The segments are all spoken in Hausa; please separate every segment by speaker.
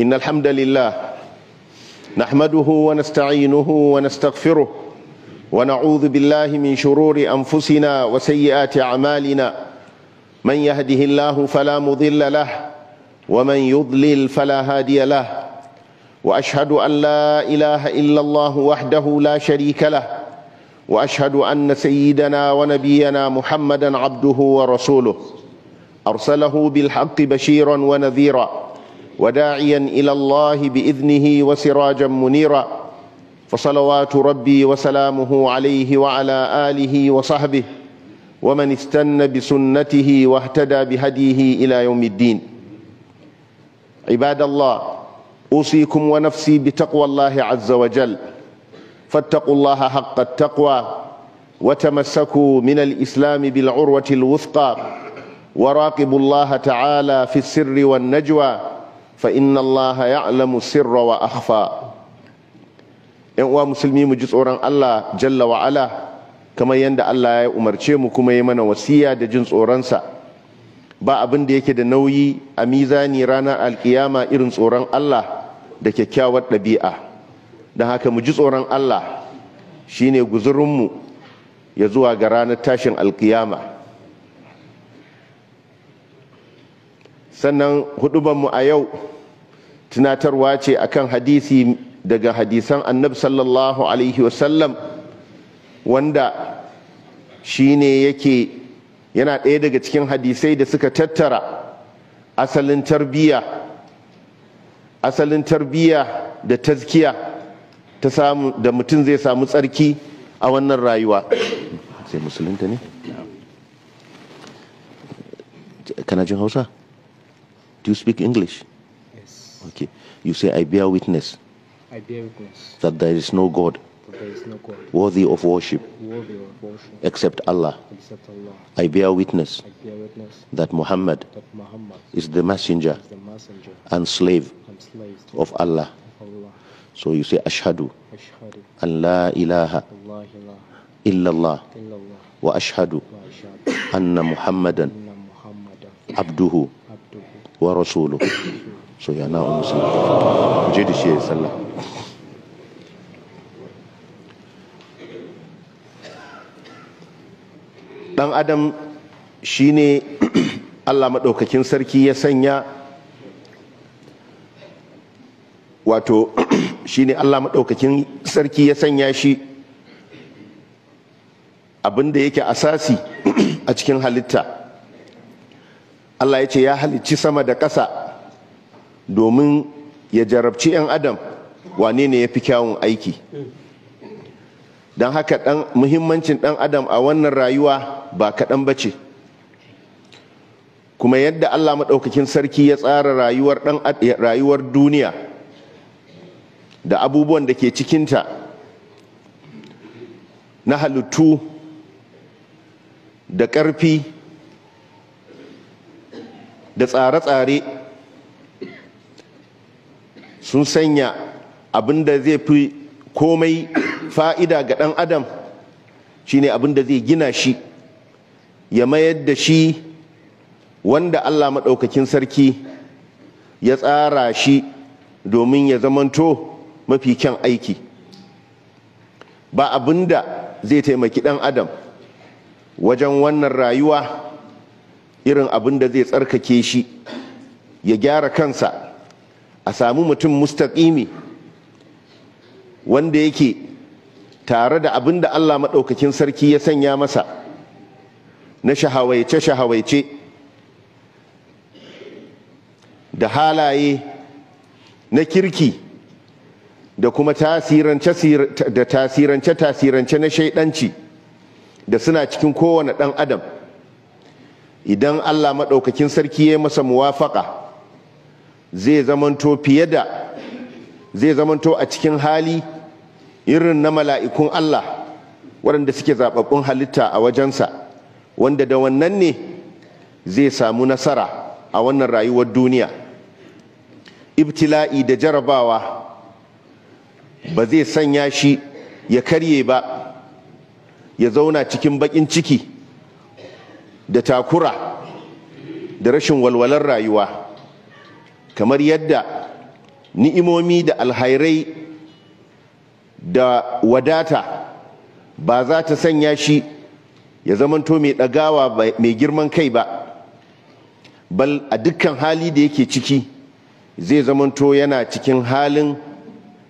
Speaker 1: إن الحمد لله نحمده ونستعينه ونستغفره ونعوذ بالله من شرور أنفسنا وسيئات أعمالنا من يهده الله فلا مضل له ومن يضلل فلا هادي له وأشهد أن لا إله إلا الله وحده لا شريك له وأشهد أن سيدنا ونبينا محمدا عبده ورسوله أرسله بالحق بشيرا ونذيرا وداعيا الى الله باذنه وسراجا منيرا فصلوات ربي وسلامه عليه وعلى اله وصحبه ومن استن بسنته واهتدى بهديه الى يوم الدين عباد الله اوصيكم ونفسي بتقوى الله عز وجل فاتقوا الله حق التقوى وتمسكوا من الاسلام بالعروه الوثقى وراقبوا الله تعالى في السر والنجوى fa inna allaha alamu sirra wa akhfa yan uwa musulmi mu ji tsoron Allah jalla wa ala kamar yadda Allah ya umarce mu kuma ya mana wasiya da jin tsoronsa ba abin da yake da nauyi a mizani ranar alkiyama irin tsoron Allah da kyakkyawar ɗabi'a don haka mu ji tsoron Allah shine guzurinmu ya zuwa ga ranar tashin alkiyama sannan hudubanmu a yau tunatarwa ce akan hadisi daga hadisan annab sallallahu alaihi wasallam wanda shine yake yana ɗaya daga cikin hadisai da suka tattara asalin tarbiyya asalin tarbiyya da tazkiya ta samu da mutum zai samu tsarki a wannan rayuwa sai musulunta ne kana hausa Do you speak English? Yes. Okay. You say, I bear witness.
Speaker 2: I bear witness.
Speaker 1: That there is no God. no God. Worthy of worship. Worthy of worship. Except Allah. Except Allah. I bear witness. I bear witness. That Muhammad. That Muhammad is, the messenger is the messenger. And slave. of Allah. Of Allah. So you say Ashhadu. An la ilaha. Allah Illallah. Wa ashhadu. Anna Muhammadan. Abduhu. wa rasulu so ya na musu je da shi ya sallah dan adam shine Allah maɗaukakin sarki ya sanya wato shine Allah maɗaukakin sarki ya sanya shi abinda yake asasi a cikin halitta Allah ya ce ya halicci sama da ƙasa domin ya jarabci 'yan adam wane ne ya fi kyawun aiki don haka muhimmancin ɗan adam a wannan rayuwa ba kaɗan ba ce kuma yadda Allah maɗaukakin sarki ya tsara rayuwar rayuwar duniya da abubuwan da ke cikinta na halittu da ƙarfi da tsare-tsare sun sanya abin da zai fi komai fa'ida ga ɗan adam shine abin da zai gina shi ya mayar da shi wanda Allah maɗaukakin sarki ya tsara shi domin ya zamanto mafi kyan aiki ba abin da zai taimaki ɗan adam wajen wannan rayuwa irin abin da zai tsarkake shi ya gyara kansa a samu mutum mustaƙimi wanda yake tare da abin da Allah maɗaukakin sarki ya sanya masa na shahawaice-shahawaice da halaye na kirki da kuma tasirance-tasirance na shaidanci da suna cikin kowane ɗan adam idan Allah maɗaukakin sarki ya masa muwafaƙa, zai zamanto fiye da zai zamanto a cikin hali irin na mala'ikun Allah waɗanda suke zaɓaɓɓun halitta a wajensa wanda da wannan ne zai samu nasara a wannan rayuwar duniya ibtila'i da jarabawa ba zai sanya shi ya karye ba ya zauna cikin baƙin ciki da takura da rashin walwalar rayuwa kamar yadda ni'imomi da alhairai da wadata ba za ta sanya shi ya zamanto mai ɗagawa mai girman kai ba bal a dukkan hali da yake ciki zai zamanto yana cikin halin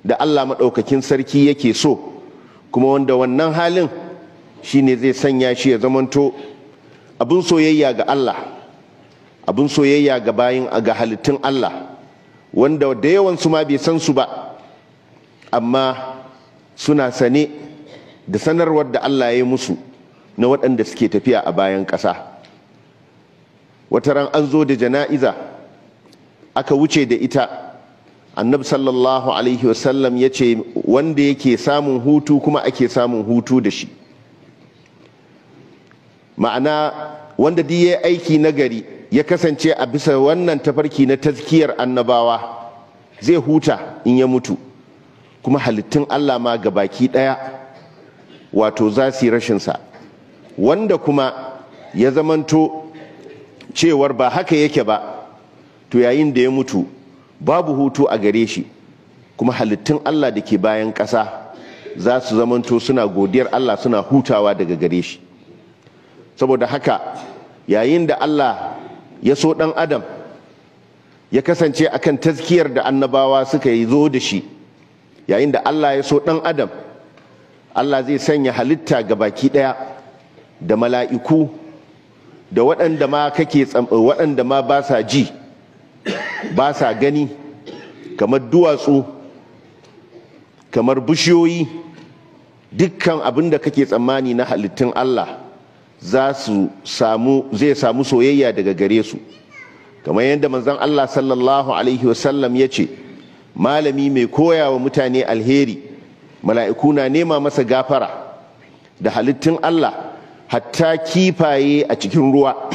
Speaker 1: da Allah maɗaukakin sarki yake so kuma wanda wannan halin shine zai sanya shi ya zamanto abin soyayya ga Allah abin soyayya ga bayin ga halittun Allah wanda da yawan su ma bai san su ba amma suna sane da sanarwar da Allah ya yi musu na waɗanda suke tafiya a bayan ƙasa wataran an zo da jana'iza aka wuce da ita annab sallallahu alaihi wasallam ya ce wanda yake samun hutu kuma ake samun hutu da shi ma'ana wanda duk ya aiki nagari ya kasance a bisa wannan tafarki na tazkiyar annabawa zai huta in ya mutu kuma halittun Allah ma ga baki ɗaya wato za su yi rashinsa wanda kuma ya zamanto cewar ba haka yake ba to yayin da ya mutu babu hutu a gare shi kuma halittun Allah da ke bayan ƙasa za su zamanto suna godiyar Allah suna hutawa daga gare shi saboda haka yayin da Allah ya so ɗan adam ya kasance a kan taskiyar da annabawa suka yi zo da shi yayin da Allah ya so ɗan adam Allah zai sanya halitta ga baki ɗaya da mala'iku da waɗanda ma kake waɗanda ma ba sa ji ba sa gani kamar duwatsu kamar bishiyoyi dukkan abin da kake tsammani na halittun Allah za su samu zai samu soyayya daga gare su kamar yadda manzon Allah sallallahu alaihi wasallam ya ce malami mai koya wa mutane alheri mala'iku na nema masa gafara da halittun Allah hatta kifaye a cikin ruwa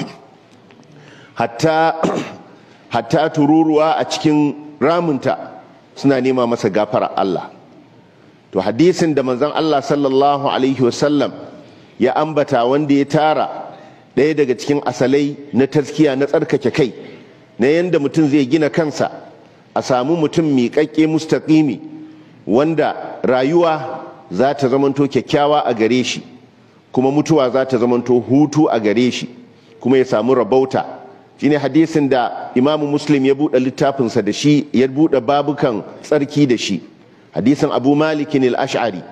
Speaker 1: hatta tururuwa a cikin ramunta suna nema masa gafara Allah to hadisin da manzon Allah sallallahu alaihi wasallam ya ambata wanda ya tara ɗaya daga cikin asalai na taskiya na tsarkake kai na yadda mutum zai gina kansa a samu mutum miƙaƙƙe mustaƙimi wanda rayuwa za ta zamanto kyakkyawa a gare shi kuma mutuwa za ta zamanto hutu a gare shi kuma ya samu rabauta shine hadisin da imamu muslim ya buɗe littafinsa da shi ya buɗe babukan tsarki da shi hadisin abu malikin al-ash'ari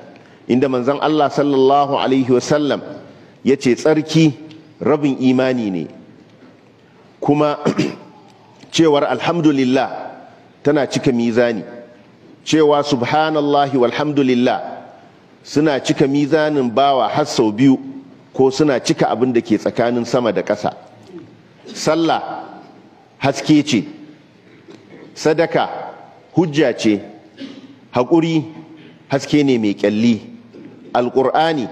Speaker 1: inda manzon Allah sallallahu alaihi wasallam ya ce tsarki rabin imani ne kuma cewar alhamdulillah tana cika mizani cewa subhanallahi walhamdulillah suna cika mizanin bawa har sau biyu ko suna cika abin da ke tsakanin sama da ƙasa sallah haske ce sadaka hujja ce haƙuri haske ne mai ƙyalli alkur'ani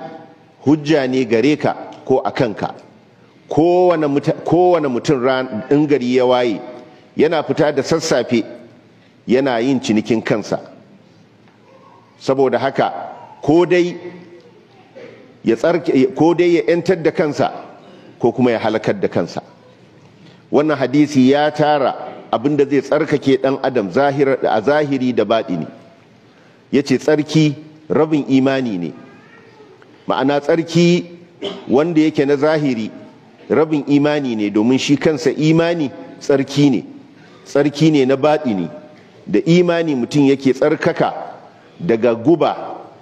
Speaker 1: hujja ne gare ka ko a kanka kowane mutum in gari ya waye yana fita da sassafe yana yin cinikin kansa saboda haka ko dai ya yantar da kansa ko kuma ya halakar da kansa wannan hadisi ya tara abinda zai tsarkake dan adam a zahiri da ne ya ce tsarki rabin imani ne ma'ana tsarki wanda yake na zahiri rabin imani ne domin shi kansa imani tsarki ne tsarki ne na baɗi ne da imani mutum yake tsarkaka daga guba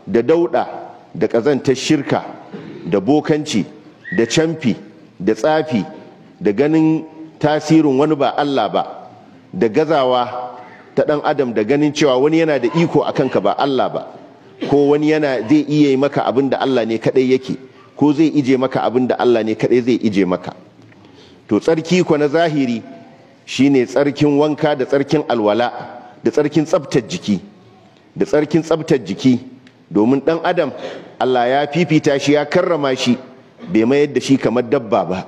Speaker 1: da dauɗa da ƙazantar shirka da bokanci da camfi da tsafi da ganin tasirin wani ba Allah ba da gazawa ta ɗan adam da ganin cewa wani yana da iko a kanka ba Allah ba ko wani yana zai iya yi maka abin da Allah ne kadai yake ko zai ije maka abin da Allah ne kadai zai ije maka to tsarki ko na zahiri shine tsarkin wanka da tsarkin alwala da tsarkin tsabtar jiki da tsarkin tsabtar jiki domin dan adam Allah ya fifita shi ya karrama shi bai mayar da shi kamar dabba ba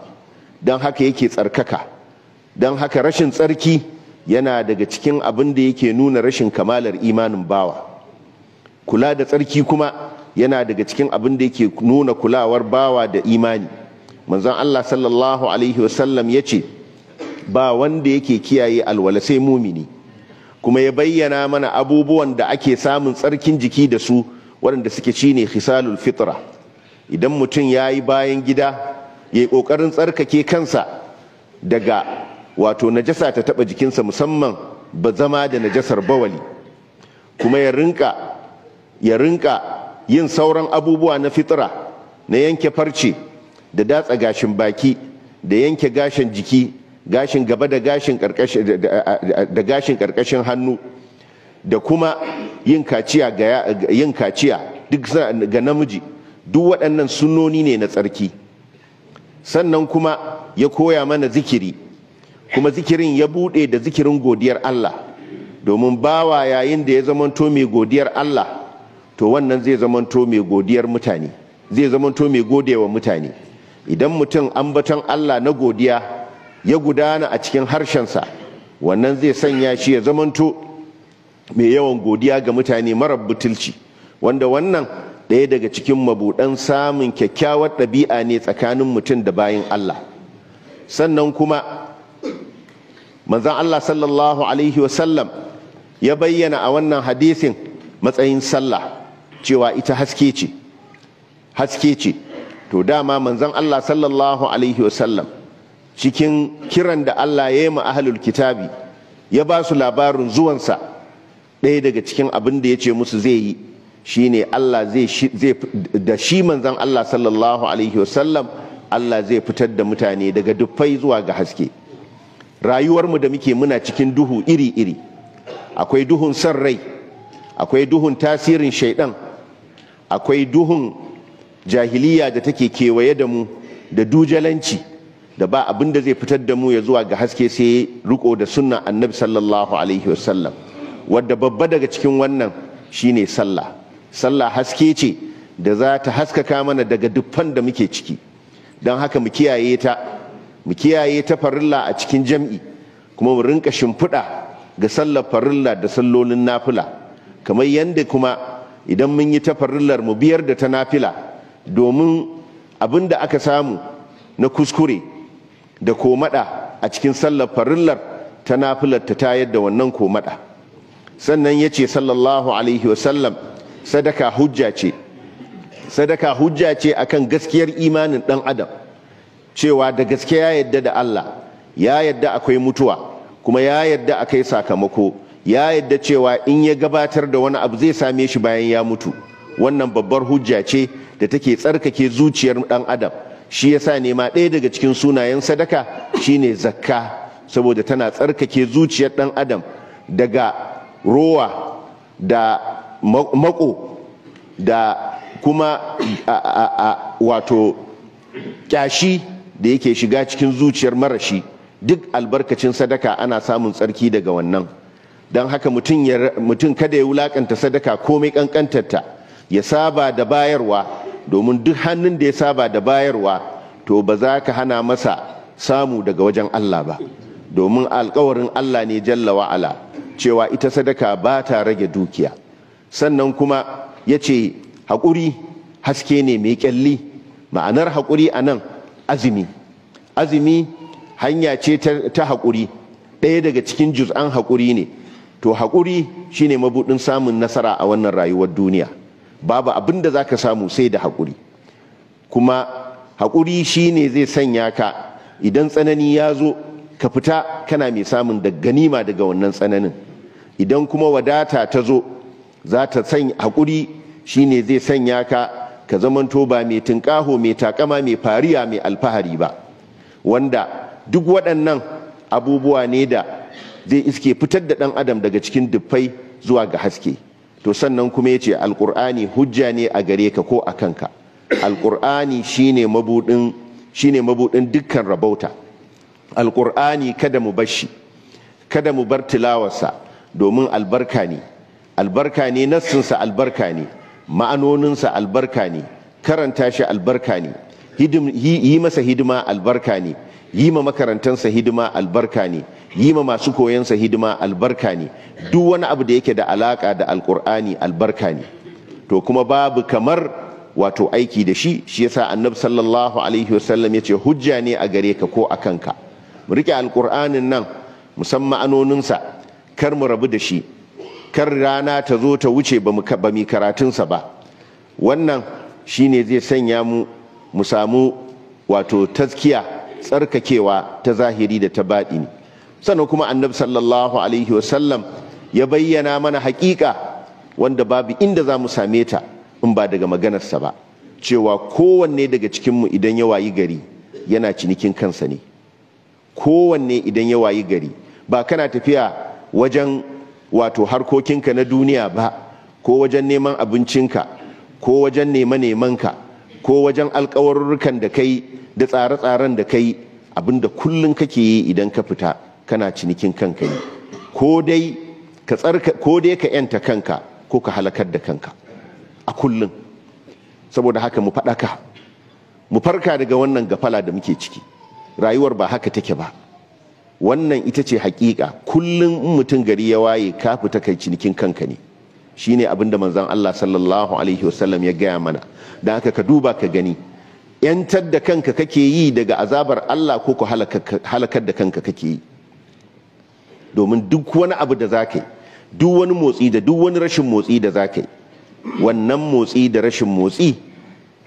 Speaker 1: don haka yake tsarkaka don haka rashin tsarki yana daga cikin abin da yake nuna rashin kamalar imanin bawa kula da tsarki kuma yana daga cikin abin da yake nuna kulawar bawa da imani manzon Allah sallallahu alaihi wasallam ya ce ba wanda yake kiyaye alwala sai mumini kuma ya bayyana mana abubuwan da ake samun tsarkin jiki da su waɗanda suke ne hisalul fitra idan mutum ya yi bayan gida ya yi ƙoƙarin tsarkake kansa daga wato najasa ta taɓa jikinsa musamman ba zama da najasar bawali kuma ya rinka ya rinka yin sauran abubuwa na fitira na yanke farce da datsa gashin baki da yanke gashin jiki gashin gaba da gashin da karkashin hannu da kuma yin kaciya ga namiji duk waɗannan sunoni ne na tsarki sannan kuma ya koya mana zikiri kuma zikirin ya buɗe da zikirin godiyar Allah domin bawa yayin da ya zamanto mai godiyar Allah to wannan zai zamanto mai godiyar mutane zai zamanto mai godewa mutane idan mutum ambaton Allah na godiya ya gudana a cikin harshensa wannan zai sanya shi ya zamanto mai yawan godiya ga mutane marar butulci wanda wannan ɗaya daga cikin mabuɗan samun kyakkyawar ɗabi'a ne tsakanin mutum da bayin Allah sannan kuma manzan Allah sallallahu alaihi wasallam ya bayyana a wannan hadisin matsayin sallah cewa ita haske ce haske ce to dama manzon Allah sallallahu alaihi wasallam cikin kiran da Allah ya yi ma ahlul kitabi ya ba su labarin zuwansa ɗaya daga cikin abin da ya ce musu zai yi shine Allah zai da shi manzon Allah sallallahu alaihi wasallam Allah zai fitar da mutane daga dufai zuwa ga haske rayuwarmu da muke muna cikin duhu iri-iri akwai duhun san rai akwai duhun tasirin shaidan akwai duhun jahiliya da take kewaye da mu da dujalanci da ba abin da zai fitar da mu ya zuwa ga haske sai riko da sunna annabi sallallahu alaihi wasallam wadda babba daga cikin wannan shine sallah sallah haske ce da za ta haskaka mana daga dukkan da muke ciki don haka mu kiyaye ta mu kiyaye ta farilla a cikin jam'i kuma mu rinka shimfiɗa ga sallar farilla da sallolin nafila kamar yadda kuma idan mun yi tafarillar mu biyar da ta nafila domin abin da aka samu na kuskure da komada a cikin sallar farillar ta nafilar ta tayar da wannan komada sannan ya ce sallallahu alaihi wasallam sadaka hujja ce sadaka hujja ce akan gaskiyar imanin ɗan adam cewa da gaske ya yadda da Allah ya yadda akwai mutuwa kuma ya yadda akai sakamako ya yadda cewa in ya gabatar da wani abu zai same shi bayan ya mutu wannan babbar hujja ce da take tsarkake zuciyar dan adam shi yasa sa nema ɗaya daga cikin sunayen sadaka shine zakka saboda tana tsarkake zuciyar dan adam daga rowa da mako da kuma wato kyashi da yake shiga cikin zuciyar marashi duk albarkacin sadaka ana samun tsarki daga wannan don haka mutum kada ya wulaƙanta sadaka ko mai kankantarta ya saba da bayarwa domin duk hannun da ya saba da bayarwa to ba za ka hana masa samu daga wajen Allah ba domin alkawarin Allah ne jalla wa'ala cewa ita sadaka ba ta rage dukiya sannan kuma ya ce haƙuri haske ne mai ƙyalli ma'anar haƙuri a nan azumi azumi hanya ce ta haƙuri ɗaya daga cikin juz'an haƙuri ne to haƙuri shine mabuɗin samun nasara a wannan rayuwar duniya babu abin da za ka samu sai da haƙuri kuma haƙuri shine zai sanya ka idan tsanani ya zo ka fita kana mai samun da ganima daga wannan tsananin idan kuma wadata ta zo za ta sanya haƙuri shine zai sanya ka ka zamanto ba mai tunƙaho mai takama mai fariya mai alfahari ba wanda duk waɗannan abubuwa ne da zai iske fitar da ɗan adam daga cikin dufai zuwa ga haske to sannan kuma ya ce alƙur'ani hujja ne a gare ka ko a kanka alƙur'ani shine mabudin shine mabudin dukkan rabauta alƙur'ani kada mu bar shi kada mu bar tilawarsa domin albarka ne albarka ne nassinsa albarka ne ma'anoninsa albarka ne karanta shi albarka ne yi masa hidima albarka ne yi ma makarantarsa hidima albarka ne yi ma masu koyansa hidima albarka ne duk wani abu da yake da alaka da alkur'ani albarka ne to kuma babu kamar wato aiki da shi shi yasa annabi sallallahu alaihi wasallam ya ce hujja ne a gare ka ko a kanka mu rike alkur'anin nan musamman anoninsa kar mu rabu da shi kar rana ta zo ta wuce ba mi karatunsa ba wannan shine zai sanya mu mu samu wato taskiya tsarkakewa ta zahiri da ta baɗi sannan kuma annabi sallallahu alaihi wasallam ya bayyana mana haƙiƙa wanda babu inda za mu same ta in ba daga maganarsa ba cewa kowanne daga cikinmu idan ya wayi gari yana cinikin kansa ne kowanne idan ya wayi gari ba kana tafiya wajen wato harkokinka na duniya ba ko wajen neman abincinka ko wajen nema-nemanka ko wajen alkawarurrukan da kai da tsare-tsaren da kai abinda kullum kake yi idan ka fita kana cinikin kanka ne ko dai ka yanta kanka ko ka halakar da kanka a kullum saboda haka mu faɗaka mu farka daga wannan gafala da muke ciki rayuwar ba haka take ba wannan ita ce hakika kullum mutum gari ya waye ka fita kai cinikin kanka ne shine abin da manzon Allah sallallahu alaihi wasallam ya gaya mana da haka ka duba ka gani yantar da kanka kake yi daga azabar Allah ko ku halakar da kanka kake yi domin duk wani abu da za ka yi duk wani motsi da duk wani rashin motsi da za ka yi wannan motsi da rashin motsi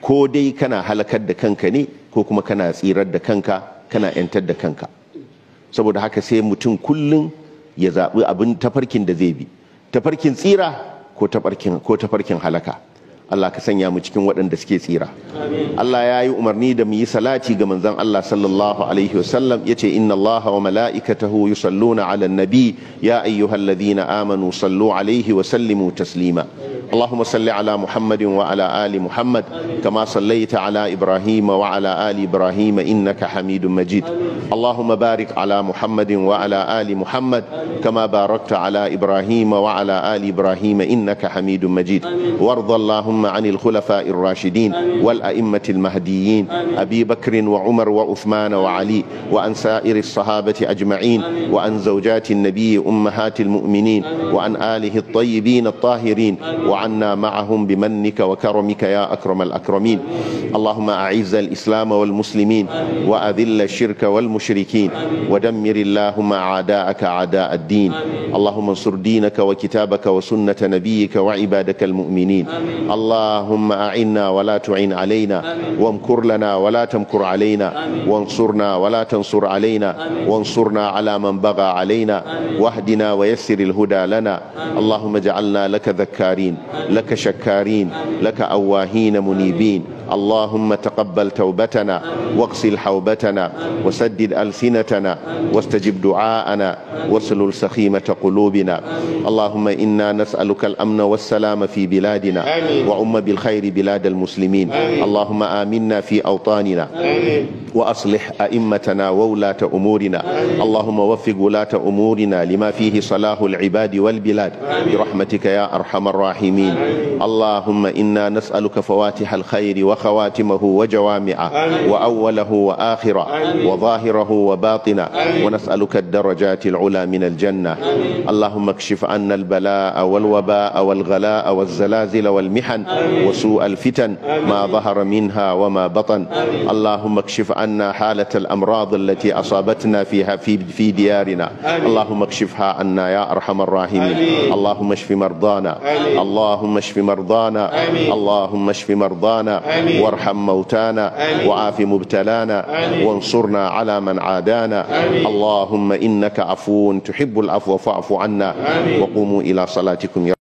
Speaker 1: ko dai kana halakar da kanka ne ko kuma kana tsirar da kanka kana yantar da kanka saboda haka sai mutum kullum ya zaɓi abin tafarkin da zai bi tafarkin tsira ko ta farkin halaka Allah ka sanya mu cikin waɗanda suke tsira Allah ya yi umarni da mu yi salati ga manzon Allah sallallahu alaihi wasallam yace inna Allah wa mala'ikatahu yusalluna ala nabi ya ayyuhalladhina amanu sallu alaihi wa sallimu taslima اللهم صل على محمد وعلى آل محمد كما صليت على إبراهيم وعلى آل إبراهيم إنك حميد مجيد اللهم بارك على محمد وعلى آل محمد كما باركت على إبراهيم وعلى آل إبراهيم إنك حميد مجيد وارض اللهم عن الخلفاء الراشدين والأئمة المهديين أبي بكر وعمر وعثمان وعلي وأن سائر الصحابة أجمعين وأن زوجات النبي أمهات المؤمنين وأن آله الطيبين الطاهرين وعن عنا معهم بمنك وكرمك يا أكرم الأكرمين اللهم أعز الإسلام والمسلمين وأذل الشرك والمشركين ودمر اللهم أعداءك أعداء الدين اللهم انصر دينك وكتابك وسنة نبيك وعبادك المؤمنين اللهم أعنا ولا تعن علينا وامكر لنا ولا تمكر علينا وانصرنا ولا تنصر علينا وانصرنا على من بغى علينا واهدنا ويسر الهدى لنا اللهم اجعلنا لك ذكارين لك شكارين لك أواهين منيبين اللهم تقبل توبتنا واغسل حوبتنا وسدد ألسنتنا واستجب دعاءنا واسلل سخيمة قلوبنا اللهم إنا نسألك الأمن والسلام في بلادنا وعم بالخير بلاد المسلمين اللهم آمنا في أوطاننا وأصلح أئمتنا وولاة أمورنا اللهم وفق ولاة أمورنا لما فيه صلاح العباد والبلاد برحمتك يا أرحم الراحمين اللهم إنا نسألك فواتح الخير وخير وخواتمه وجوامعه وأوله وآخره وظاهره وباطنه ونسألك الدرجات العلى من الجنة اللهم اكشف عنا البلاء والوباء والغلاء والزلازل والمحن وسوء الفتن ما ظهر منها وما بطن اللهم اكشف عنا حالة الأمراض التي أصابتنا فيها في, في ديارنا اللهم اكشفها عنا يا أرحم الراحمين اللهم اشف مرضانا اللهم اشف مرضانا اللهم اشف مرضانا وارحم موتانا وعاف مبتلانا وانصرنا على من عادانا اللهم إنك عفو تحب العفو فاعف عنا وقوموا إلى صلاتكم يا